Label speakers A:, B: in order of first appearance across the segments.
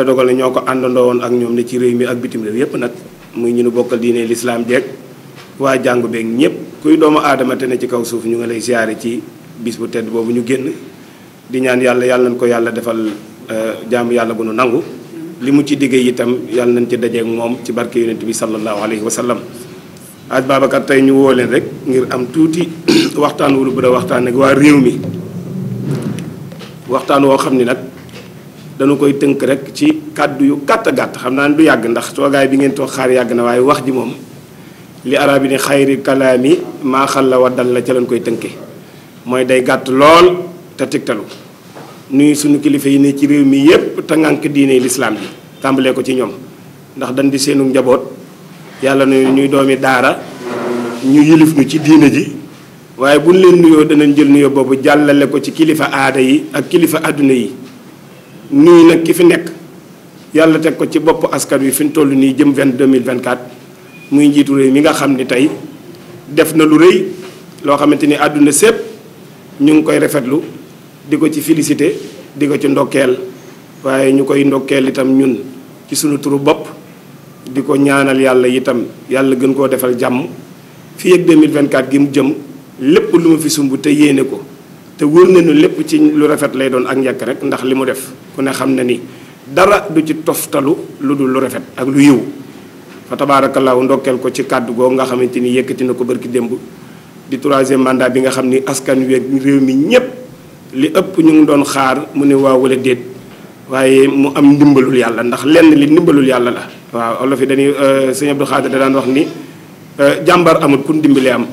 A: yàlla dogal na ñoo ko àndandoo woon ak ñoom ne ci réew mi ak bitim réew yépp nag muy ñu nu bokkal diine lislaam jeeg waa jàngu beeg ñëpp kuy doomu aadama te ne ci kaw suuf ñu ngi lay siyaare ci bis bu tedd boobu ñu génn di ñaan yàlla yàlla nañ ko yàlla defal euh, jaamu yàlla bu nu nangu li mu ci diggee itam yàlla nañ ci dajeek moom ci barke yonent bi sallallahu alayhi wa sallam aj Babacar tey ñu woo leen rek ngir am tuuti waxtaan wulu bu da waxtaan ak waa réew dañu koy tënk rek ci kàddu yu gàtt gàtt xam naa ne du yàgg ndax toogaay bi ngeen toog xaar yàgg na waaye wax ji moom li arab yi ni xayri kalaami maa xalla wa dal la ca lañ koy tënke mooy day gàtt lool te tigtalu nuyu suñu kilifa yi ne ci réew mi yépp te diine lislaam bi tàmbalee ko ci ñoom ndax dañ di seenu njaboot yàlla nu ñuy doomi daara ñu yilif ñu ci diine ji waaye buñ leen nuyoo danañ jël nuyoo boobu jàllale ko ci kilifa aada ak kilifa adduna yi nii nag ki fi nekk yàlla teg ko ci bopp askan wi fi ñu toll nii jëm vint deux mille vint quatre muy njiitu réew mi nga xam ni tey def na lu rëy loo xamante ni àdduna sépp ñu ngi koy rafetlu di ko ci félicité di ko ci ndokkeel waaye ñu koy ndokkeel itam ñun ci sunu turu bopp di ko ñaanal yàlla itam yàlla gën koo defal jàmm fii vint 2024 gi mu jëm lépp lu ma fi sumb te yéene ko te wóor nañu lépp ci lu rafet lay doon ak njëkk rek ndax li mu def ku ne xam na ni dara du ci toftalu lu dul lu rafet ak lu yiw fa law ndokkeel ko ci kàddu googu nga xamante ni yëkkati na ko bërki démb di troisième mandat bi nga xam ni askan wi réew mi ñëpp li ëpp ñu ngi doon xaar mu ne waaw wala déet waaye mu am ndimbalul yàlla ndax lenn li ndimbalul yàlla la. waaw olof yi dañuy euh, sëñ Abdou Khadre da daan wax ni euh, jàmbar amul ku ndimbalee am.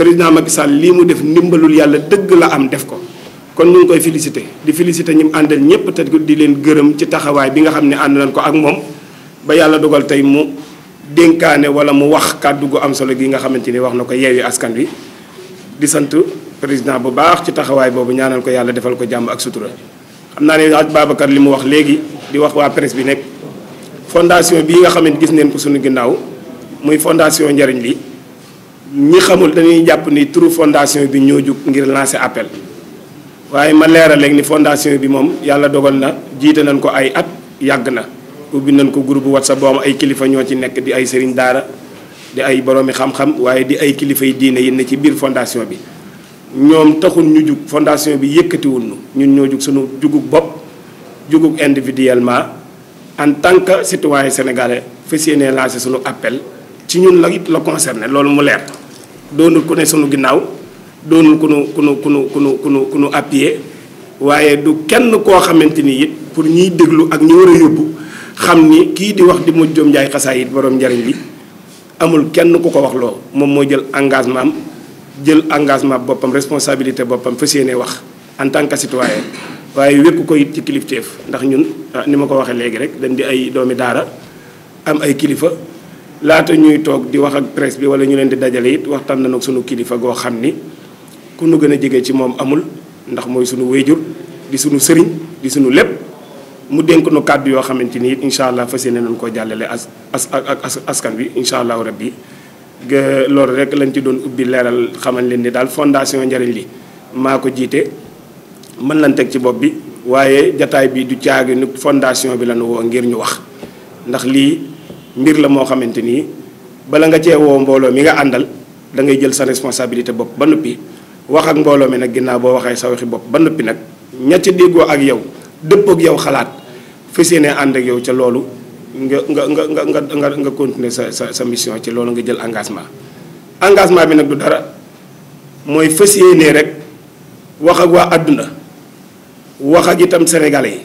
A: président Macky Sall lii mu def ndimbalul yàlla dëgg la am def ko kon ñu ngi koy félicité di félicité ñi mu àndal ñëpp te di leen gërëm ci taxawaay bi nga xam ne ànd nañ ko ak moom ba yàlla dogal tey mu dénkaane wala mu wax kàddu gu am solo gi nga xamante ni wax na ko yeewi askan wi di sant président bu baax ci taxawaay boobu ñaanal ko yàlla defal ko jàmm ak sutura xam naa ne ak Babacar li mu wax léegi di wax waa presse bi nekk fondation bii nga xam gis neen ko suñu ginnaaw muy fondation njariñ li ñi xamul dañuy jàpp ni turu fondation bi ñoo jug ngir lancé appel waaye ma leeral léegi ni fondation bi moom yàlla dogal na jiite nañ ko ay at yàgg na ubbi nañ ko groupe whatsapp boo ay kilifa ñoo ci nekk di ay sëriñ daara di ay boroomi xam-xam waaye di ay kilifa yi diine yi ne ci biir fondation bi ñoom taxul ñu jug fondation bi yëkkatiwul ñun ñoo jug suñu jugug bopp jugug individuellement en tant que citoyen sénégalais fas yéene lancer sunu appel ci ñun la la concerné loolu mu leer. doonul ku ne sunu ginnaaw doonul ku nu ku nu ku ku nu ku nu ku waaye du kenn koo xamante ni it pour ñuy déglu ak ñu war a yóbbu xam ni kii di wax di Modou Diop Ndiaye xasaayit borom njariñ li amul kenn ku ko wax loo moom moo jël engagement am jël engagement boppam responsabilité boppam fas yéene wax en tant que citoyen waaye wékk ko it ci kilifteef ndax ñun ah, ni ma ko waxee léegi rek dañ di ay doomi daara am ay kilifa laata ñuy toog di wax ak presse bi wala ñu leen di dajale it waxtaan nañu ak sunu kilifa goo xam ni ku nu gën a jege ci moom amul ndax mooy sunu wéyjur di sunu sëriñ di sunu lépp mu dénk nu kàddu yoo xamante ni it incha allah fas yéene nañu koo jàllale as as ak askan bi incha allahu rabbi loolu rek lañ ci doon ubbi leeral xamal leen ni daal fondation njariñ li maa ko jiite mën lan teg ci bopp bi waaye jataay bi du caagi ni fondation bi lañu woo ngir ñu wax ndax mbir la moo xamante ni bala nga cee woo mbooloo mi nga àndal da ngay jël sa responsabilité bopp ba noppi wax ak mbooloo mi nag ginnaaw boo waxee sa waxi bopp ba noppi nag ña ca déggoo ak yow dëppoo ak yow xalaat fas yéene ànd ak yow ca loolu nga nga nga nga nga nga continuer sa sa sa mission ci loolu nga jël engagement. engagement bi nag du dara mooy fas yéene rek wax ak waa àdduna wax ak itam sénégalais yi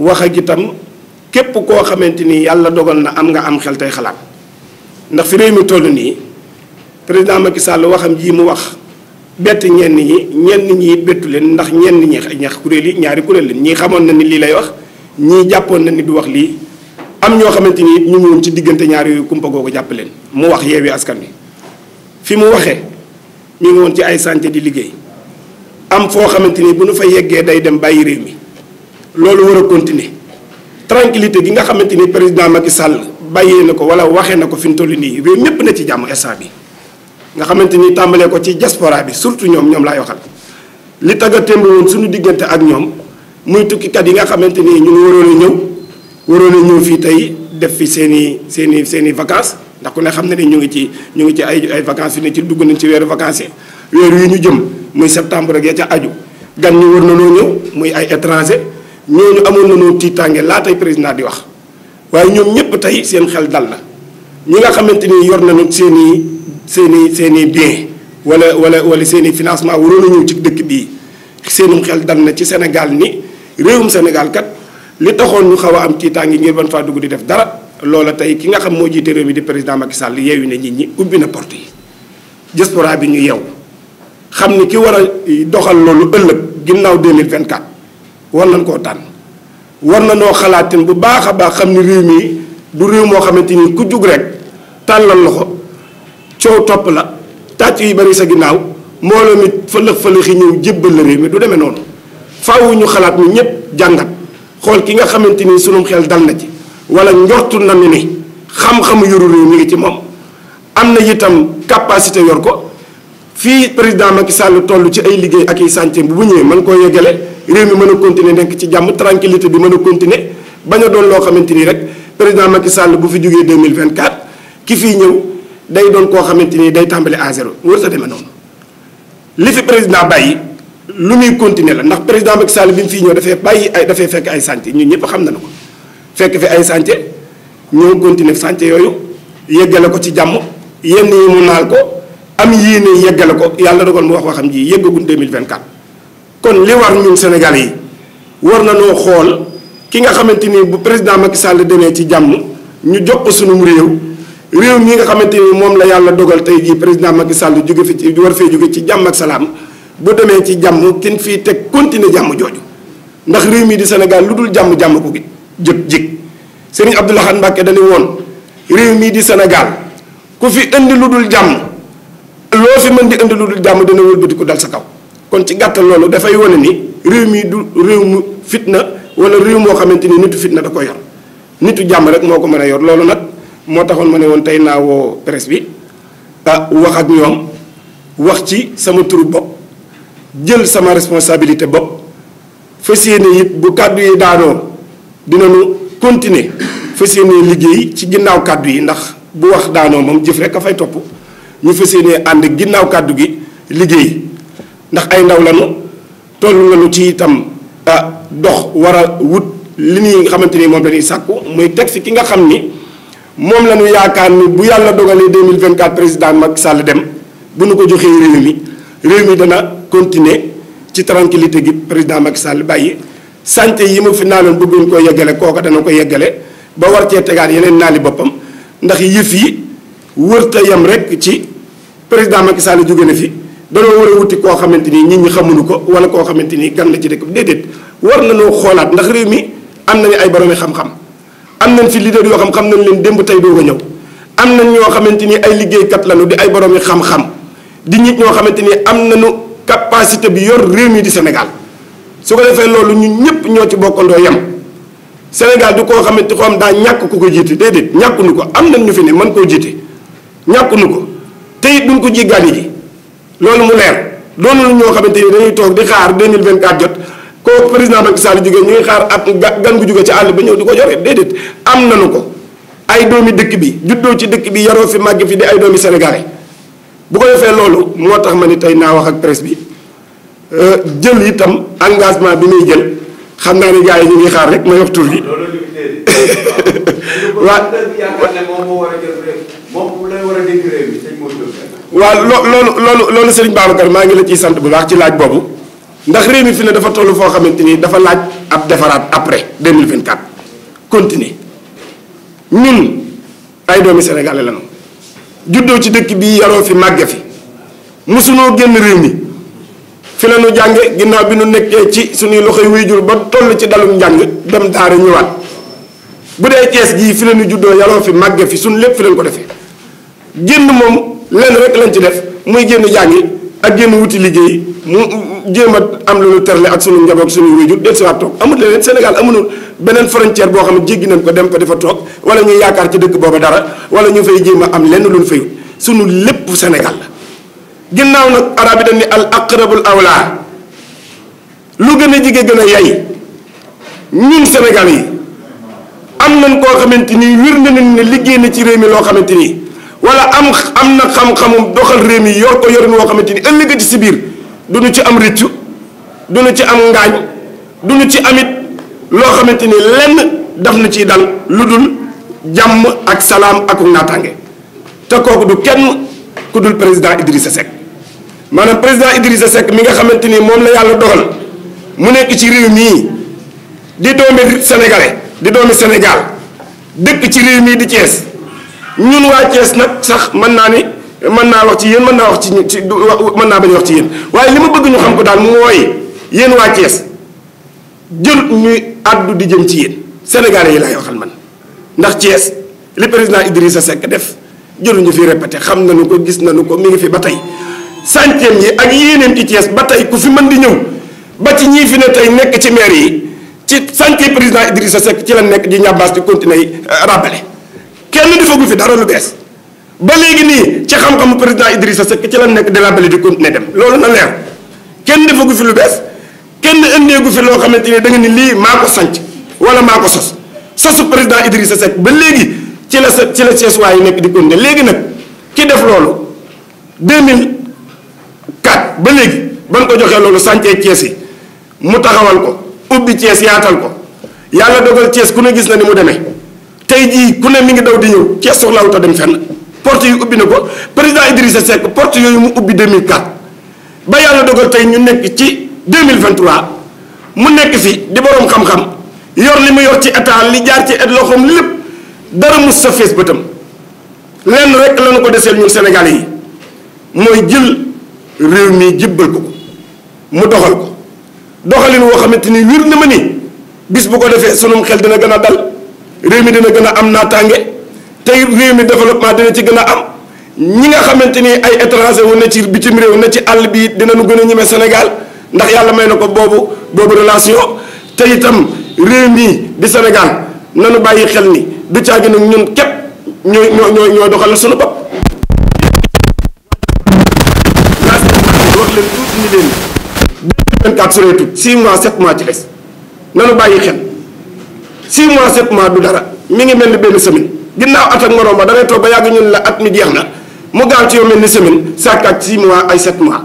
A: wax ak itam. képp koo xamante ni yàlla dogal na am nga am xel tey xalaat ndax fi réew mi toll nii président Macky Sall waxam ji mu wax bett ñenn ñi ñenn ñi bettu leen ndax ñenn ñi ñax kuréel yi ñaari kuréel leen ñii xamoon na ni lii lay wax ñii jàppoon na ni du wax lii am ñoo xamante ni ñu ngi ci diggante ñaar yooyu kumpa googu jàpp mu wax yeewi askan wi fi mu waxee ñu ngi woon ci ay santé di liggéey am foo xamante ni bu nu fa yeggee day dem bàyyi réew mi loolu war a continuer tranquillité gi nga xamante ni président Macky Sall bàyyee na ko wala waxee na ko fi mu toll nii réew mépp na ci jàmm instant bi nga xamante ni tàmbalee ko ci diaspora bi surtout ñoom ñoom laay waxal li tagga témb woon suñu diggante ak ñoom muy tukkikat yi nga xamante ni ñun waroon ñëw waroon a ñëw fii tey def fi seen i seen i seen i vacances ndax ne xam na ni ñu ngi ci ñu ngi ci ay ay vacances fi ne ci dugg nañ ci weeru vacances yi weer yi ñu jëm muy septembre ak ya ca aju gan ñu war na loo ñëw muy ay étranger ñooñu amoon na nañoo tiitaange laa tey président di wax waaye ñoom ñëpp tey seen xel dal na ñi nga xamante ni yor na seen i seen i seen i bien wala wala wala seen i financement waroon na ñëw ci dëkk bii seenum xel dal na ci senegal ni réewum Sénégal kat li taxoon ñu xaw a am tiitaange ngir ban faa dugg di def dara loola tey ki nga xam moo jiite réew mi di président Macky Sall yeewu ne nit ñi ubbi na porte yi diaspora bi ñu yeew xam ni ki war a doxal loolu ëllëg ginnaaw 2024 war nañ koo tànn war na noo xalaatin bu baax a baax xam ni réew mi du réew moo xamante ni ku jug rek tàllal loxo coow topp la tàcc yi bari sa ginnaaw mbooloo mi fëlëx fëlëx yi ñëw jébbal la réew mi du demee noonu faaw xalaat mi ñëpp jàngat xool ki nga xamante ni sunum xel dal na ci wala njortu na ni ni xam-xamu yoru réew mi ngi ci moom am na itam capacité yor ko fii président Macky Sall toll ci ay liggéey ak yi chantier bu bu ñëwee mën koo yeggale réew mi mën a continuer nekk ci jàmm tranquillité bi mën a continuer bañ a doon loo xamante ni rek président Macky Sall bu fi jógee 2024 ki fii ñëw day doon koo xamante ni day tàmbali à zéro warut a demee noonu li fi président bàyyi lu muy continuer la ndax président Macky Sall bi mu fii ñëw dafay bàyyi ay dafay fekk ay chantier ñun ñëpp xam na nañu ko fekk fi ay chantier ñëw continuer chantier yooyu yeggale ko ci jàmm yenn yi mu ko am yéene yeggale ko yàlla dogal mu wax waxam ji yeggagun 2024 kon li war ñun senegal yi war na noo xool ki nga xamante ni bu président Macky Sall demee ci jàmm ñu jox ko sunum réew réew mi nga xamante ni moom la yàlla dogal tey jii président Macky Sall jóge fi ci war fee jóge ci jàmm ak salaam bu demee ci jàmm kin fii teg continuer jàmm jooju ndax réew mi di senegal lu dul jàmm jàmm ko gi jëg jig Serigne Abdou Lahad Mbacké woon réew mii di Sénégal ku jàmm loo fi mën di indi lu dul jàmm dina wëlbatiku dal sa kaw kon ci gàttal loolu dafay wane ni réew mi du réew mu fitna wala réew moo xamante ni nitu fitna da ko yor nitu jàmm rek moo ko mën a yor loolu nag moo taxoon ma ne woon tey naawoo woo bi ah wax ak ñoom wax ci sama turu bopp jël sama responsabilité bopp fas yéene it bu kàddu yi daanoo dinañu continuer fas yéene liggéey ci ginnaaw kàddu yi ndax bu wax daanoo moom jëf rek a fay topp ñu fas yéene ànd ginnaaw kàddu gi liggéey ndax ay ndaw lañu tollu lañu ci itam ah, dox war a wut li ñuy xamante ni moom dañuy sàkku muy teg si ki nga xam ni moom la ñu yaakaar ni bu yàlla dogalee 2024 président Macky Sall dem bu nu ko joxee réew mi dana continuer ci tranquillité gi président Macky Sall bàyyi santé yi ma fi naaloon bëggoon koo yeggale kooka dana ko yeggale ba war cee tegaat yeneen naali boppam ndax yëf yi wërta yem rek ci président Macky Sall jóge na fi danoo war a wuti koo xamante ni nit ñi xamuñu ko wala koo xamante ni gan la ci dëkk bi déedéet war nañoo xoolaat ndax réew mi am nañu ay boroomi xam-xam am nañ fi leader yoo xam xam nañ leen démb tey doog a ñëw am na ñoo xamante ni ay liggéeykat lañu di ay boroomi xam-xam di nit ñoo xamante ni am nañu capacité bi yor réew mii di Sénégal su ko defee loolu ñu ñëpp ñoo ci bokkandoo yem Sénégal di koo xamante xoo am daa ñàkk ku ko jiite déedéet ñàkkuñu ko am nañ ñu fi ne mën koo jiite ñàkkuñu ko. te it duñ ko jéggaani ji loolu mu leer doonul moo xamante ni dañuy toog di xaar 2024 jot koo président Macky Sall jógee ñu ngi xaar at gan gu jóge ci àll bi ñëw du ko joree déedéet am na nañu ko ay doomi dëkk bi juddoo ci dëkk bi yaroo fi màgg fi di ay doomi sénégalais bu ko defee loolu moo tax ma ni tey naa wax ak presse bi euh, jël itam engagement bi muy jël xam naa ni gars yi ñu ngi xaar rek ma yox tur bi waa moom war a dégg waa loo loolu loolu loolu Serigne Babacar maa ngi la ciy sant bu baax ci laaj boobu ndax réew mi fi ne dafa toll foo xamante ni dafa laaj ab defaraat après 2024 continuer ñun ay doomi sénégalais lañu juddoo ci dëkk bi yaroo fi màgge fi mu mosunoo génn réew mi fi la ñu jànge ginnaaw bi nu nekkee ci suñuy wuy wéyjur ba toll ci dalum njàng dem daara ñëwaat bu dee Cees gii fi la ñu juddoo yaroo fi màgge fi suñ lépp fi lañ ko defee génn moom lenn rek lañ ci def muy génn jàngi ak génn wuti liggéey mu jéem a am lu ñu terle ak sunu njaboot sunu wéjur del siwaat toog amul leneen Sénégal amul boo xam ne jéggi nañ ko dem ko dafa toog wala ñuy yaakaar ci dëkk booba dara wala ñu fay jéem a am lenn lu sunu lépp Sénégal la nag arab yi dañ ni al aqrabul awla gën a jige gën a yay ñun yi am nañ koo xamante nii wér na ne liggéey na ci réew mi loo xamante nii wala am am na xam-xamum doxal réew mi yor ko yorin woo xamante ni ëllëgati si biir du ñu ci am rëccu du ñu ci am ngaañ du ñu ci amit loo xamante ni lenn daf na ciy dal lu dul jàmm ak salaam ak naataange te kooku du kenn ku dul président Idrissa Seck maanaam président Idrissa Seck mi nga xamante ni moom la yàlla dogal mu nekk ci réew mii di doomi sénégalais di doomi Sénégal dëkk ci réew mii di Thiès. ñun waa Thiès nag sax mën naa ne mën naa wax ci yéen mën naa wax ci ci mën naa bañ wax ci yéen waaye li ma bëgg ñu xam ko daal mooy yéen waa Thiès jël ñuy àddu di jëm ci yéen sénégalais yi laay waxal man ndax Thiès li président Idrissa Seck def jëlu ñu fi répété xam nañu ko gis na nañu ko mi ngi fi ba tey santeem yi ak yéeneem ci Thiès ba tey ku fi man di ñëw ba ci ñii fi ne tey nekk ci maire yi ci santé président sa Seck ci la nekk di ñàbbaas di continuer euh, rappelé kenn defagu fi dara lu bees ba léegi nii ci xam-xamu président Idrissa Seck ci la nekk de la bale di continuer dem loolu na leer kenn defagu fi lu bees kenn ëndeegu fi loo xam ne da nga ni lii maa ko sanc wala maa ko sos sosu président sa Seck ba léegi ci la sa ci la seesuwaay yi nekk di continuer léegi nag ki def loolu 2004 ba léegi ba nga ko joxee loolu sancee Cees yi mu taxawal ko ubbi Cees yaatal ko yàlla dogal Cees ku ne gis na ni mu demee tey jii ku ne mi ngi daw di ñëw Thiès soxlaawu ta dem fenn port yu ubbi na ko président Idrissa Seck porte yooyu mu ubbi 2004 ba yàlla dogal tey ñu nekk ci 2023 mu nekk fi di boroom xam-xam yor li mu yor ci état li jaar ci loxoom lépp dara mu sa fees bëtam lenn rek la ko deseel ñun senegal yi mooy jël réew mi jibbal ko mu doxal ko doxalin woo xamante ni wir na ma ni bis bu ko defee sunum xel dina gën a dal. réew mi dina gën a am naataange tey réew mi développement dina ci gën a am ñi nga xamante ni ay étranger wu ne ci bitim réew ne ci àll bi dinañu gën a ñeme senegal ndax yàlla may na ko boobu boobu relation te itam réew mi di Sénégal nanu bàyyi xel ni du caagi nag ñun képp ñooy ñooy ñooy doxal sunu bopp. wax leen mois 7 mois ci des nanu bàyyi xel. 6 mois 7 mois du dara mi ngi mel ni benn semaine ginnaaw at ak morom ba da ngay toog ba yàgg ñun la at mi jeex na mu gaaw ci yow mel ni semaine sàkk ak 6 mois ay 7 mois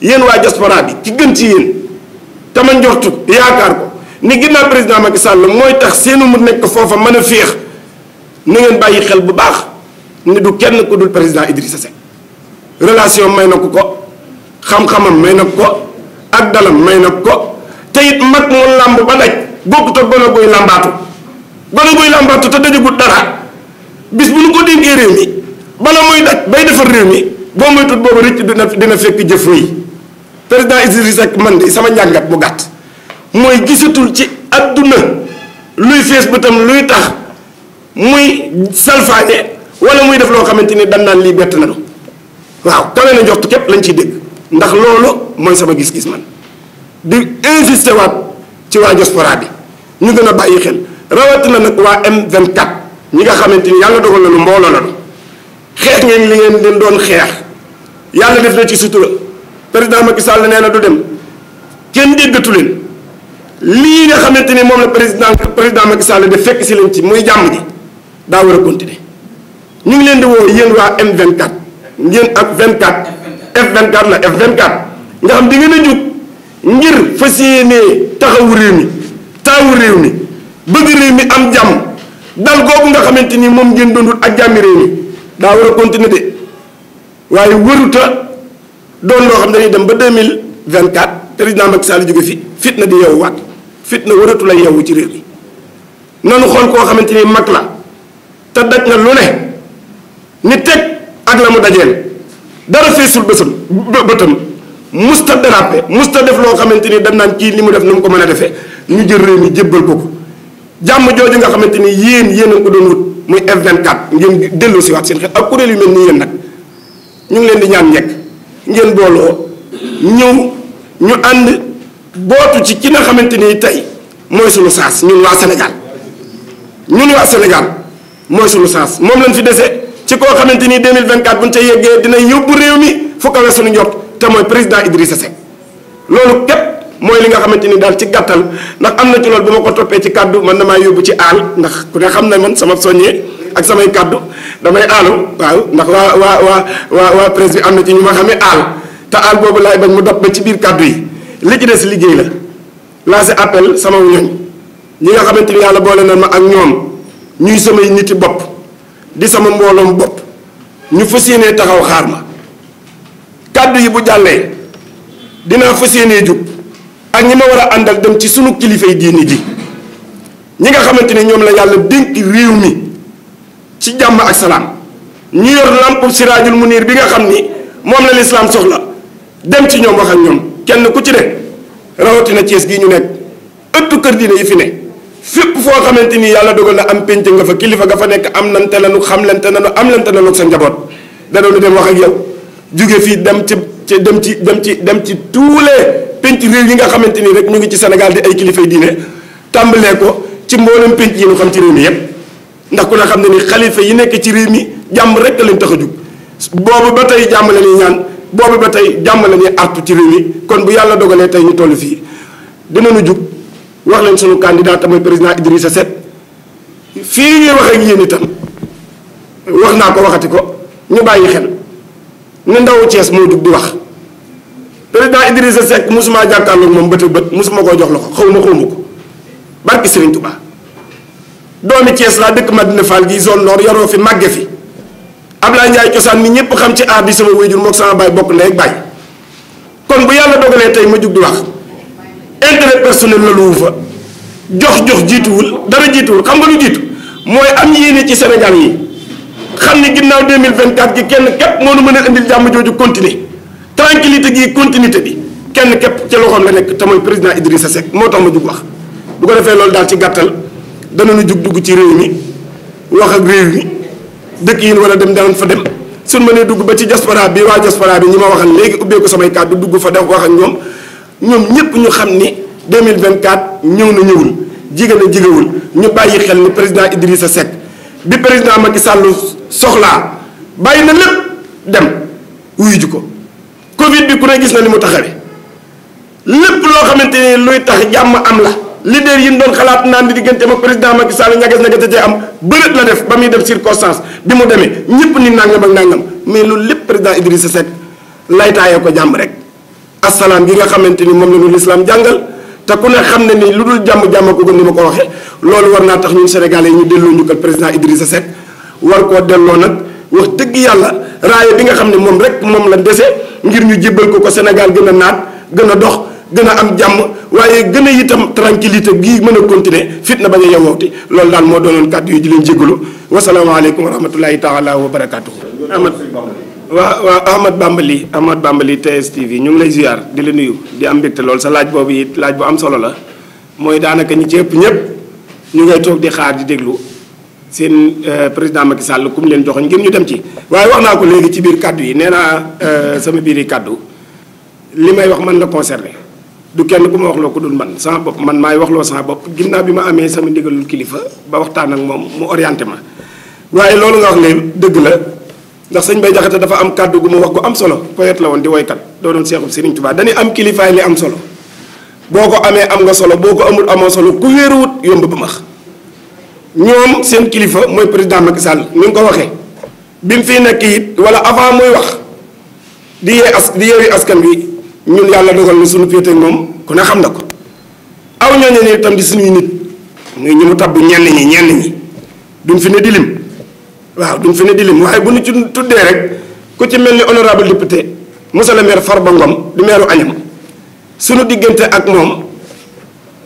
A: yéen waa diaspora bi ci gën ci yéen tama njortu yaakaar ko ni ginnaaw président Macky Sall mooy tax seenu mu nekk foofa mën a féex na ngeen bàyyi xel bu baax ni du kenn ku dul président Idrissa Seck relation may na ko ko xam-xamam may na ko ak dalam may na ko te it mag mu làmb ba bokkut ak gone guy làmbaatu gone guy làmbaatu te dajagut dara bis bu ñu ko dénkee réew mi bala mooy daj bay defar réew mi boo moytuwul boobu rëcc dina dina fekk jëf rëy président Idrissa Seck man de sama njàngat bu gàtt mooy gisatul ci adduna luy fees ba tam luy tax muy salfaañe wala muy def loo xamante ni dan naan lii bett na do waaw kawe na njortu képp lañ ci dégg ndax loolu mooy sama gis-gis man di insister ci waa diaspora bi ñu gën a bàyyi xel rawatina nag waa M24 ñi nga xamante ni yàlla dogal na lu mbooloo la xeex ngeen li ngeen leen doon xeex yàlla def na ci sutura président Macky Sall nee na du dem kenn déggatu leen lii nga xamante ni moom la président président Macky Sall def fekk si leen ci muy jàmm ji daa war a continuer ñu ngi leen di woo yéen waa M24 ngeen ak 24 F24 la F24 nga xam di ngeen a jóg ngir fas yéenee taxawu réew mi taawu réew mi bëgg réew mi am jàmm dal kooku nga xamante ni moom ngeen dundul ak jàmmi réew mi daa war a continuer de waaye wëruta doon loo xam dañuy dem ba deux mille vingt quatre président Macky Sall jóge fi fitna di yeewu waat fitna waratu la yeewu ci réew mi nanu xool koo xamante ni mag la te daj na lu ne ni teg ak la mu dajeel dara feesul bësam bëtam musta dérapé musta def loo xamante ni dem naan kii li mu def nu mu ko mën a defee ñu jël réew mi jébbal ko ko jàmm jooju nga xamante ni yéen yéen a ko doon wut muy f dellu si waat seen ak kuréel yu mel ni nag ñu ngi leen di ñaan njekk ngeen booloo ñëw ñu ànd bootu ci ki nga xamante ni tey mooy sunu saas ñun waa Sénégal ñun waa Sénégal mooy sunu saas moom lañ fi dese ci koo xamante ni 2024 buñ ca yeggee dina yóbbu réew mi fu kawe sunu njot te mooy président Idrissa set loolu képp mooy li nga xamante ni daal ci gàttal ndax am na ci loolu bu ma ko toppee ci kàddu man damaa yóbbu ci aal ndax ku ne xam na man sama soññee ak samay kàddu damay aalu waaw ndax waa waa waa waa waa presse am na ci ñu ma xamee aal te aal boobu laay bañ mu dop ba ci biir kàddu yi li ci des liggéey la lancé appel sama ñoñ ñi nga xamante ni yàlla boole na ma ak ñoom ñuy samay niti bopp di sama mbooloom bopp ñu fas yéenee taxaw xaar kàddu yi bu jàllee dinaa fa yéenee jug ak ñi ma war a àndal dem ci suñu kilifay diini ji ñi nga xamante ne ñoom la yàlla dénk réew mi ci jàmm ak salaam ñu yor làmpu siraajul muniir bi nga xam ni moom la lislaam soxla dem ci ñoom wax ak ñoom kenn ku ci nekk rawatina Cees gi ñu nekk ëttu kër diine yi fi ne fépp foo xamante ni yàlla dogal na am pénc nga fa kilifa nga fa nekk am nante lanu xamlante nanu am lante nanu sa njaboot da doon dem wax ak yow jóge fii dem ci ci dem ci dem ci dem ci tous les penc réew yi nga xamante ni rek ñu ngi ci senegal di ay kilifa kilifay diine tàmbalee ko ci mboolem penc yi ñu xam ci réew mi yépp ndax ku ne xam ne ni xalifa yi nekk ci réew mi jàmb rek leen tax a jug boobu ba tey jàmm la ñuy ñaan boobu ba tey jàmm la ñuy artu ci réew mi kon bu yàlla dogalee tey ñu toll fii dinañu jug wax leen sunu candidat tamit président Idrissa set fii ñuy wax ak yéen itam wax naa ko waxati ñu bàyyi xel. ne ndawu cees moo dugg di wax président Idrissa Seck mosuma jàkkaarloog moom bët a bët mosuma koo jox ko xaw ma xaw ma ko barki Serigne Touba doomi Thiès laa dëkk Madina Fall gi zone nord yaroo fi màgge fi Ablaye Ndiaye cosaan mi ñëpp xam ci aar bi sama wéyjur mook sama bokk ndey ak kon bu yàlla dogalee tey ma jug di wax intérêt fa jox jox jiituwul dara jiituwul xam nga lu jiitu mooy am yéene ci senegal yi xam ne ginnaaw 2024 gi kenn képp moo nu mën a indil jàmm jooju continuer tranquillité gi continuité bi kenn képp ca loxoom la nekk te mooy président Idrissa Seck moo tax ma jug wax bu ko defee loolu daal ci gàttal danañu jug dugg ci réew mi wax ak réew mi dëkk yi ñu war a fa dem suñ mënee dugg ba ci diaspora bi waa diaspora bi ñi ma waxal léegi ubbee ko samay kàddu dugg fa def wax ak ñoom ñoom ñu xam ni 2024 ñëw na ñëwul jigéen a jigéewul ñu bàyyi xel ni président Idrissa Seck bi président Macky Sall soxlaa bàyyi na lépp dem wuyu ko Covid bi ku ne gis na ni mu taxawee lépp loo xamante ni luy tax jàmm am la leader yi ñu doon xalaat naan bi diggante ma président Macky Sall ñagas ñagas cee am bërët la def ba muy def circonstance bi mu demee ñëpp ni nangam ak nangam mais loolu lépp président Idrissa Seck laytaayee ko jàmm rek. asalaam gi nga xamante ni moom la ñu lislaam jàngal te ku ne xam ne ni lu dul jàmm jàmm ko gën ni ma ko waxee loolu war naa tax ñun Sénégalais yi ñu delloo njukkal président Idrissa Seck. war koo delloo nag wax dëgg yàlla raaya bi nga xam ne moom rek moom la dese ngir ñu jébbal ko ko Sénégal gën a naat gën a dox gën a am jàmm waaye gën a itam tranquillité gii mën a continuer fitna bañ a yowoote loolu daal moo doonoon kàddu yi di leen jégalu wasalaamaaleykum wa rahmatulahi taala wa barakaatuhu. Ahmad waaw waaw Ahmad Bambali Ahmad Bambali TSTV ñu ngi lay ziar di la nuyu di am mbégte lool sa laaj boobu it laaj bu am solo la mooy daanaka ñi ci ëpp ñëpp ñu ngay toog di xaar di déglu. seen euh, président Macky Sall ku mu leen jox ngir ñu dem ci. waaye wax naa ko léegi ci biir kàddu yi nee naa euh, sama biiri kàddu li may wax man la concerné du kenn ku ma loo ko dul man saa bopp man maay waxloo sama bopp ginnaaw bi ma amee sama ndigalul kilifa ba waxtaan ak moom mu orienté ma. waaye loolu nga wax léegi dëgg la ndax sëñ Bay Jaxate dafa am kàddu gu mu wax gu am solo poète la woon di woykat doonoon seexub Sëriñ Tuubaa dañuy am kilifaay li am solo boo ko amee am nga solo boo ko amul amoo solo ku wéeruwut yomb ba max ñoom seen kilifa mooy président Macky Sall ni nga ko waxee bi mu fi nekk it wala avant muy wax di yee as di yeewi askan wi ñun yàlla dogal na suñu féete moom ku ne xam na ko aw ñooñu ne itam di suñuy nit muy ñu mu tabb ñenn ñi ñenn ñi duñ fi ne di lim waaw duñ fi ne di waaye bu ñu ci tuddee rek ku ci mel ni honorable député monsieur le maire ba Ngom du maire Agnam suñu diggante ak moom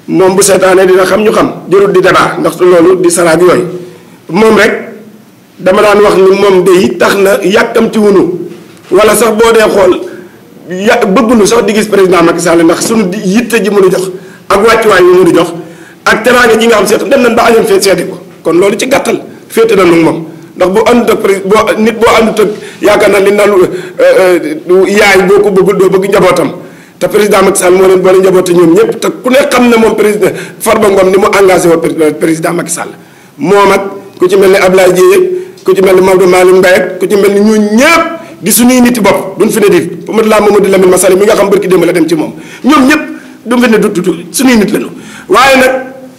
A: moom bu seetaanee dina xam ñu xam jërut di débat ndax loolu di salaat yooyu moom rek dama daan wax ni moom day tax na yàkkamti wunu wala sax boo dee xool ya bëggunu sax di gis président Macky Sall ndax suñu yitte ji mënu jox ak wàccuwaay bi mënu jox ak teraanga ji nga xam seet dem nañ ba añoon fee seeti ko kon loolu ci gàttal féete na nu moom ndax boo am ak président boo nit boo am àndut ak yaakaar na li naan yaay boo ko bëggul doo bëgg njabootam te président Macky Sall moo leen boole njaboote ñoom ñëpp te ku ne xam ne moom président Farba Ngom ni mu engagé woon président Macky Sall moom ak ku ci mel ni Abdoulaye Dièye ku ci mel ni Maodo Malick mbayaat ku ci mel ni ñu ñëpp di suñuy niti bopp duñ fi ne di Mamadou Lam Mamadou Lamine Massaly mi nga xam barki démb la dem ci moom ñoom ñëpp duñ fi ne du du suñuy nit lañu waaye nag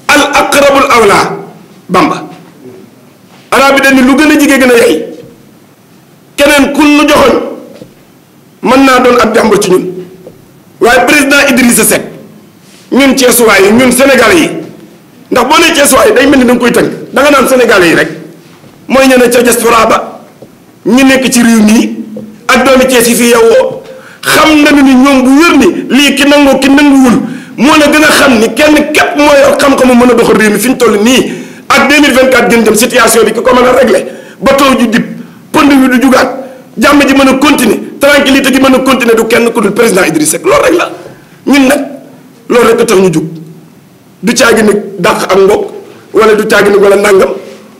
A: al aqrabul awla Bamba arab bi dañ ni lu gën a jige gën a yey keneen kun nu joxoñ naa doon ab jàmbur ci ñun waaye président Idrissa Seck ñun Thiessois yi ñun Sénégal yi ndax boo nee Thiessois yi day mel ni da koy tënk danga naan Sénégal yi rek mooy ñeneen ca diaspora ba ñu nekk ci réew mii ak doomi Thiès yi fii yowoo xam nañu ni ñoom bu wér ni lii ki nangoo ki nanguwul moo la gën a xam ni kenn képp mooy xam-xamu mën a doxal réew mi fi ñu toll nii ak 2024 gën jëm situation bi ki ko mën a réglé ba taw ju dib pënd wi du jugaat. jàmm ji mën a continuer tranquillité gi mën a continuer du kenn ku dul président Idriss Seck loolu rek la ñun nag loolu rek a tax ñu jug du caagi nag dàq ak mbokk wala du caagi nag wala nangam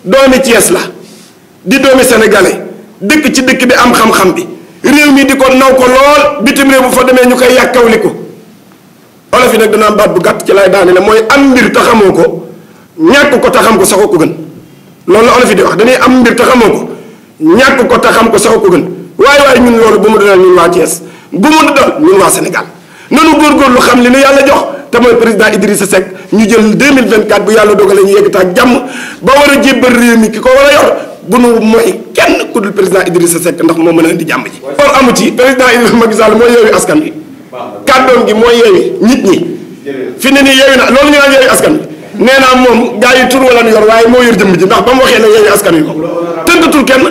A: doomi Thiès la di doomi sénégalais dëkk ci dëkk bi am xam-xam bi réew mi di ko naw ko lool bitim réew bu fa demee ñu koy yàkkawli ko olof yi nag dana am bu gàtt ci laay daane la mooy am mbir te xamoo ko ñàkk ko te xam ko saxoo ko gën lool la olof yi di wax dañuy am mbir te xamoo ko ñàkk ko te xam ko sax ko gën waaye waaye ñun loolu bu mu doon ñun waa Thiès bu mu doon ñun waa Sénégal nanu góorgóorlu xam li nu yàlla jox te mooy président Idrissa Seck ñu jël 2024 bu yàlla dogalee ñu yëkkati ak jàmm ba war a jébbal réew mi ki ko moo nit ñi. fi ne nii yeewi na loolu ñu naan yeewi askan wi. nee naa moom gars yi tur wala ñu yor waaye moo yor jëmm ji ndax ba mu waxee ne askan wi moom. tënkatul kenn.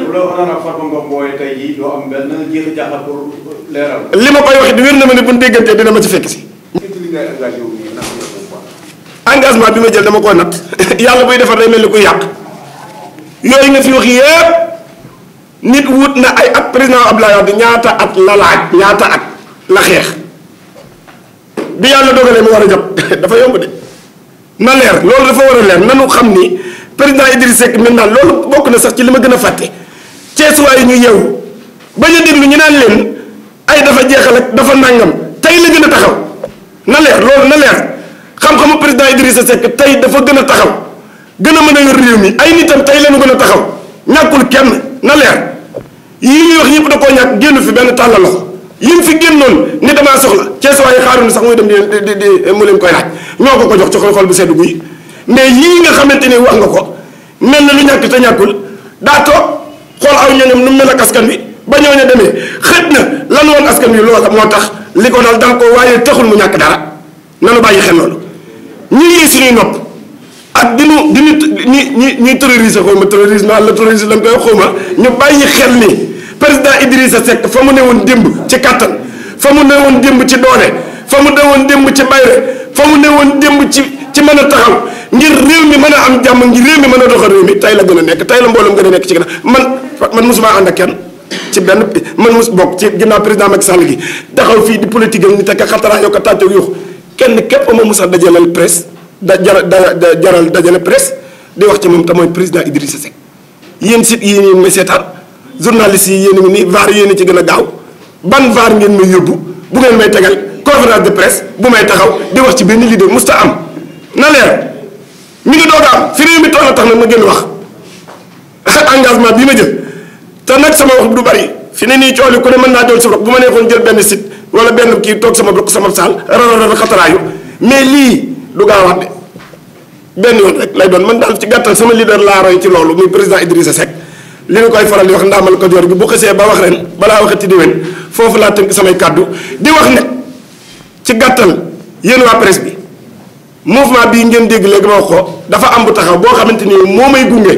A: li ma koy wax it wér na ma ne bu ñu déggantee dina ma ci fekk si. engagement bi ma jël dama koo nat yàlla buy defar day mel ni kuy yàq yooyu nga fi wax yépp nit wut na ay at président Abdoulaye Wade ñaata at la laaj ñaata at la xeex bi yàlla dogalee mu war a jot dafa yomb de na leer loolu dafa war a leer nanu xam ni président Idriss Seck maintenant loolu bokk na sax ci li ma gën a fàtte ceesuwaay yi ñu yeewu ba ñu déglu ñu naan leen ay dafa jeexal ak dafa nàngam tey la gën a taxaw na leer loolu na leer xam-xamu président Idriss Seck tey dafa gën a taxaw gën a mën a yor réew mi ay nitam tey lañu gën a taxaw ñàkkul kenn na leer yi ñuy wax yëpp da koo ñàkk génn fi benn tàllal loxo yi mu fi génnoon ni damaa soxla ceesuwaay yi xaaruñu sax muy dem di di mu leen koy laaj ko ko jox ci xol bu sedd guy. mais yii nga xamante ni wax nga ko mel na lu ñàkk te ñàkkul daa toog xool aw ñoñam nu mel ak askan wi ba ñoo demee xëj na lan woon askan wi loola moo tax li ko dal dal ko waaye taxul mu ñàkk dara nanu bàyyi xel loolu ñu yii suñuy nopp ak di nu di nu ñi ñi ñuy ma terrorisme àll terrorisme lañ koy wax xaw ma ñu bàyyi xel ni président Idrissa Seck fa mu ne woon démb ci kattan fa mu ne woon démb ci doole fa mu ne woon démb ci bayre fa mu ne woon démb ci ci mën a taxaw ngir réew mi mën a am jàmm ngir réew mi mën a doxal réew mi tey la gën a nekk tey la mbooloom gën a nekk ci ginnaaw man man mosumaa ànd ak kenn ci benn man mos bokk ci ginnaaw président Macky Sall gi taxaw fii di politique am ni te ka xataraan a ka tàccoog yuux kenn képp ama mos a dajalal presse da jaral dajale presse di wax ci moom te mooy président Idrissa Seck yéen sit yéen yéen may seetaan journaliste yi yéen a nii vaar yéen a ci gën a gaaw ban vaar ngeen ma yóbbu bu ngeen may tegal conférence de presse bu may taxaw di wax ci benn leader musta am na leer mi ngi doog a am fi réew mi toll tax na ma gën wax engagement bi ma jël te nag sama wax du bari fi ne nii coow li ku ne mën naa jël sa bopp bu ma nekkoon jël benn site wala benn kii toog sama bopp sama saal rara rara xataraayu mais lii du gaaw a benn yoon rek lay doon man daal ci gàttal sama leader laa roy ci loolu muy président Idrissa Seck li ñu koy faral di wax ndaamal ko joor bi bu xësee ba wax ren balaa waxati déwén foofu laa tënk samay kàddu di wax ne ci gàttal yéen waa bi. mouvement bii ngeen dégg léegi ma ko dafa am bu taxaw boo xamante ni moo may gunge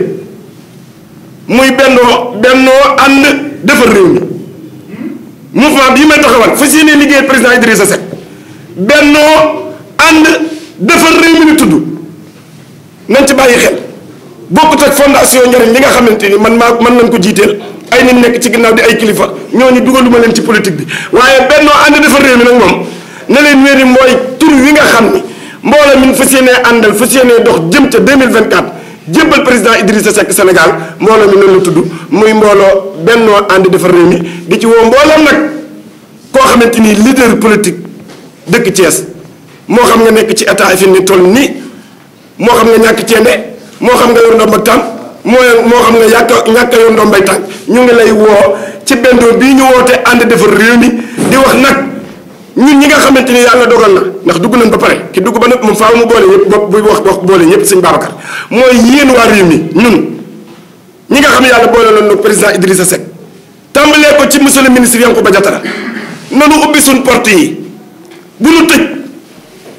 A: muy bennoo bennoo ànd defar réew mi mouvement bii may taxawal fas yéene liggéey président sa set bennoo ànd defar réew mi ni tudd nañ ci bàyyi xel bokkut ak fondation njariñ li nga xamante man maa mën nañ ko jiiteel ay nit nekk ci ginnaaw di ay kilifa ñooñu dugaluma leen ci politique bi waaye bennoo ànd defar réew mi nag moom ne leen wéeri mooy tur wi nga xam ni mbooloo mi fas yéenee àndal fas yéenee dox jëm ca 2024 jébbal président Idrissa Seck Sénégal mbooloo mi noonu la tudd muy mbooloo bennoo ànd defar réew mi di ci woo mbooloo nag koo xamante ni leader politique dëkk Thiès moo xam nga nekk ci état fi ni toll nii moo xam nga ñàkk ceende moo xam nga yor ndoom ak tànk moo moo xam ne yàkk ñàkk yor ndoom bay tànk ñu ngi lay woo ci bennoo bii ñu woote ànd defar réew mi di wax nag xamante yàlla dogal na ndax dugg nañ ba pare ki dugg ba nag moom faaw mu boole ñëpp bopp wax wax boole ñëpp sëñ Babacar mooy yéen waa réew mi ñi nga xam yàlla boole loon nag président Idrissa Seck tàmbalee ko ci monsieur le ministre Yankhoba Diattara nanu ubbi suñ porte yi bu nu tëj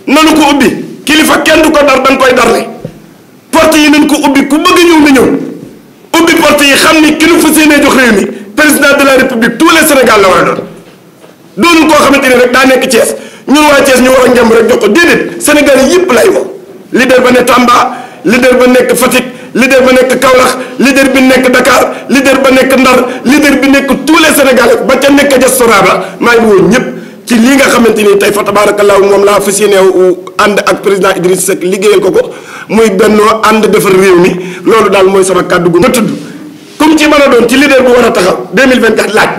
A: nanu ko ubbi kilifa kenn du ko dar dañ koy darle porte yi nañ ko ubbi ku bëgg ñëw na ñëw ubbi porte yi xam ni kilifa seenee jox réew président de la république tous les Sénégal la war a rek daa ñun waa Thiès ñu war a njàmb rek jox ko déedéet Sénégal yëpp lay moom leader ba ne Tamba leader ba nekk Fatick leader ba nekk Kaolack leader bi nekk Dakar leader ba nekk Ndar leader bi nekk tous les Sénégalais ba ca nekk Diaspora maa ngi woon ñëpp ci lii nga xamante ni tey fa tabaarakallaahu moom laa fas yéene ànd ak président Idriss Seck liggéeyal ko ko muy bennoo ànd defar réew mi loolu daal mooy sama kàddu gu nga tudd comme ci mën a doon ci leader bu a taxaw 2024 laaj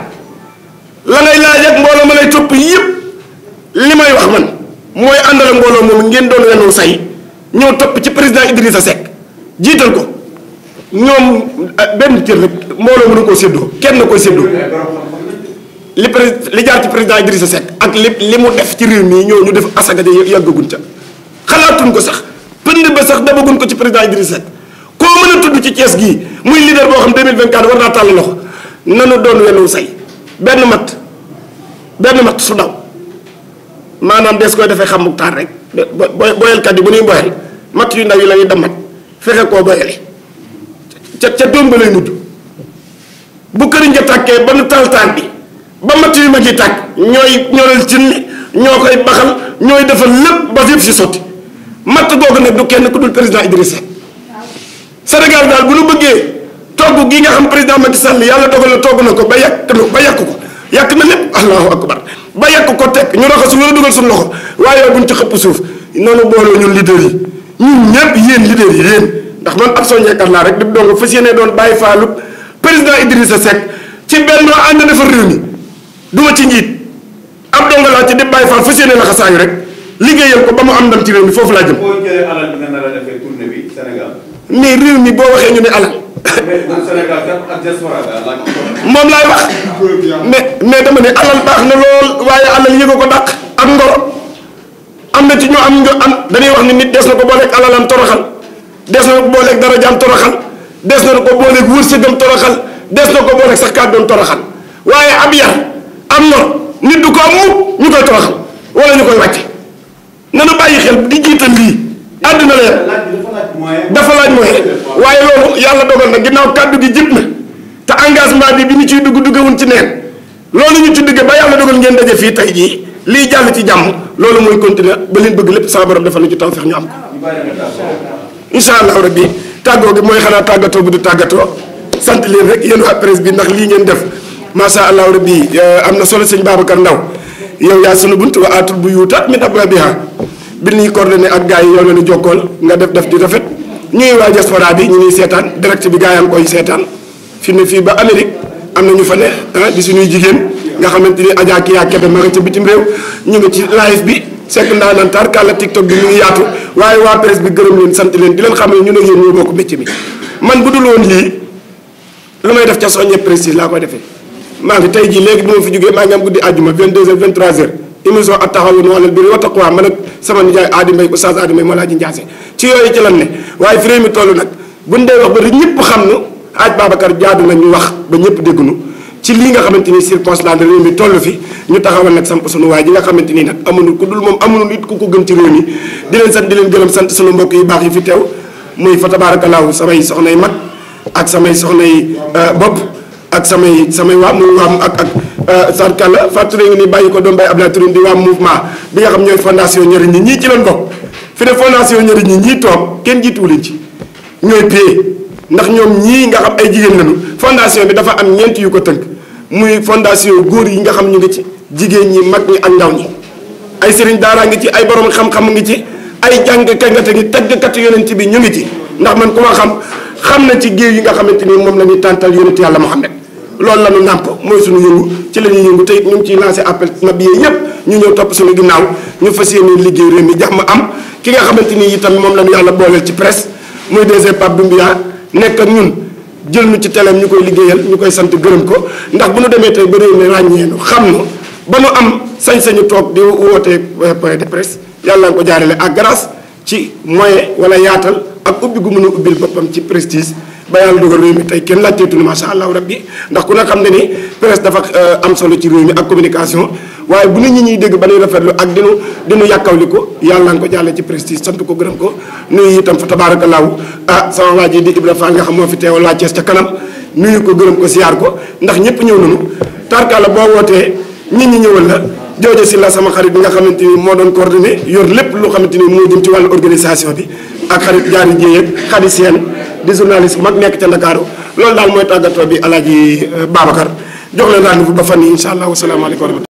A: la ngay laaj ma yëpp. li may wax man mooy àndal mbooloo moom ngeen doon wenoo say ñëw topp ci président a Seck jiital ko ñoom ah, benn cër rek mbooloo mënu koo séddoo kenn koy séddoo li prés li jaar ci président Idrissa Seck ak li li mu def ci réew mi ñoo ñu def asaka ja yàggaguñ ca xalaatuñ ko sax pënd ba sax dabaguñ ko ci président Idrissa Seck koo mën a tudd ci Thiès gii muy leader boo xam 2024 war naa tàll loxo nanu doon wenoo say benn mat benn mat su ndaw maanaam des koy defee xamuk taar rek boy boyalkat yi bu ñuy boyal matt yu ndaw yi la ñuy damat fexe koo boyale ca ca doom ba lay mujj bu këriñ nga tàkkee ba nu taal taal bi ba matt yu mag yi tàkk ñooy ñoreel cin ñoo koy baxal ñooy defal lépp ba yëpp si sotti matt googu nag du kenn ku dul président Idrissa Sénégal daal bu nu bëggee togg gi nga xam président Macky Sall yàlla dogal na togg na ko ba yàq ba yàq ko yàq na lépp allahu akbar ba yekk ko teg ñu raxasu lu dugal suñu loxo waaye buñ ci xëpp suuf noonu booloo ñun leader yi ñun ñëpp yéen leader yi yéen ndax man ab soññeekat laa rek di dong fas yéene doon bàyyi faalu président Idrissa Seck ci benn ànd defar réew mi du ma ci njiit ab dong laa ci di bàyyi faal fas yéene laxasaayu rek liggéeyal ko ba mu am ndam ci réew foofu laa jëm. boo jëlee alal bi nga a defee tournée mi boo waxee ñu ne alal. moom laay wax mais mais dama ne alal baax na lool waaye alal yëga ko dàq ak ngoro am na ci ñu am nga am dañuy wax ni nit des na ko booleeg alalam toroxal des na ko booleeg darajaam toroxal des na ko booleeg wërsëgam toroxal des na ko booleeg sax kàddoom toroxal waaye ab yar am ngor nit du ko am mukk ñu koy toroxal wala ñu koy wàcce nanu bàyyi xel di jiital lii àddina la yar dafa laaj mooy waaye loolu yàlla dogal na ginnaaw kàddu gi jib na te engagement bi bi ñu ciy dugg duggewuñ ci neen loolu ñu ci dugge ba yàlla dogal ngeen daje fii tey jii lii jàll ci jàmm loolu mooy continuer ba leen bëgg lépp sa borom dafa ñu ci taw fex ñu am ko incha allah rabbi tàggoo gi mooy xanaa tàggatoo bu du tàggatoo sant leen rek yéen waa bi ndax lii ngeen def macha allah rabbi euh, am na solo sëñ Babacar Ndaw yow yaa sunu bunt wa aatul bu yuuta mi dabra biha bi ñuy coordonné ak gars yi yow la ñu jokkool nga def def di rafet ñuy waa diaspora bi ñu ngi seetaan direct bi gaa yi koy seetaan fi mu ne fii ba Amérique am na ñu fa ne ah di suñuy jigéen nga xamante ni Adja Kiya Kébé ma nga ca bitim réew ñu ngi ci live bi sekk ndaanaan taar kàlla TikTok bi ñu ngi yaatu waaye waa presse bi gërëm leen sant leen di leen xam ne ñu ne yéen ñoo bokk métier bi. man bu dul woon lii lu may def ca soññe précise laa ko defee maa ngi tey jii léegi bi ma fi jógee maa ngi guddi àjjuma 22h 23h. émission ak taxawu nu alal birri wa taqwa man ak sama nijaay Adi Mbaye oustaz Adi Mbaye moo laa ji njaase ci yooyu ci lan ne waaye fi réew mi toll nag buñ dee wax ba ñëpp xam nu aj Babacar jaadu na ñu wax ba ñëpp dégg nu ci lii nga xamante ni circonstance réew mi toll fi ñu taxawal nag samp sunu waay ji nga xamante nii nag amuñu ku dul moom amuñu nit ku ko gën ci réew mi di leen sant di leen gërëm sant sunu mbokk yu baax yi fi teew muy fa tabaarakalaahu samay soxnay ak samay soxnay euh, bopp ak samay samay waa muy waa ak ak euh, sarkala fàttali nga ni bàyyi ko doon bàyyi Abdoulaye Touré di waa mouvement bi nga xam ñooy fondation ñëriñ ñi ñii ci lañ bokk fi ne fondation ñëriñ ñi ñii toog kenn jiituwu leen ci ñooy payé ndax ñoom ñii nga xam ay jigéen lañu fondation bi dafa am ñeent yu ko tënk muy fondation góor yi nga xam ñu ngi ci jigéen ñi mag ñi ak ndaw ñi ay sëriñ daaraa ngi ci ay borom xam-xam ngi ci ay jàngkat nga te ngi tàggkat yonent bi ñu ngi ci ndax man ku ma xam xam na ci géew yi nga xamante ni moom la ñuy tàntal yonent yàlla Muhammad loolu la ñu nàmp mooy suñu yëngu ci la ñuy tey te ñu ngi ciy lancé appel na bi yëpp ñu ñëw topp suñu ginnaaw ñu fas yéene liggéey réew mi ma am ki nga xamante ni itam moom la ñu yàlla booleel ci presse muy DG bu Doumbia nekk ak ñun jël ñu ci teleem ñu koy liggéeyal ñu koy sant gërëm ko ndax bu nu demee tey ba réew mi ràññeenu xam na ba nu am sañ-sañu toog di wootee point de presse yàlla nga ko jaarale ak grâce ci moyen walla yaatal ak ubbi gu mën a ubbil boppam ci prestige ba yàlla dogal réew mi tey kenn laajteetu na macha allah rabbi ndax ku ne xam ne ni presse dafa euh, am solo ci réew mi ak communication waaye bu nit ñi ñuy dégg ba ñuy rafetlu ak dinu dinu yàkkawli ko yàlla nga ko jàlle ci prestige sant ko gërëm ko nuyu itam fa tabaarakallaahu ah sama waa ji di Ibra Fall nga xam moo fi teewal waa Cees ca kanam nuyu ko gërëm ko siyaar ko ndax ñëpp ñëw nañu tarkala boo wootee nit ñi ñëwal la joojo si la sama xarit bi nga xamante ni moo doon coordonné yor lépp loo xamante ni moo jëm ci wàllu organisation bi ak xarit jaari jéyeeg seen di journaliste mag nekk ca Ndakaaru lool daal mooy tàggatoo bi Alaaji euh, Babacar jox leen rendez-vous ba fan yi incha allah wasalaamaaleykum wa rahmatulah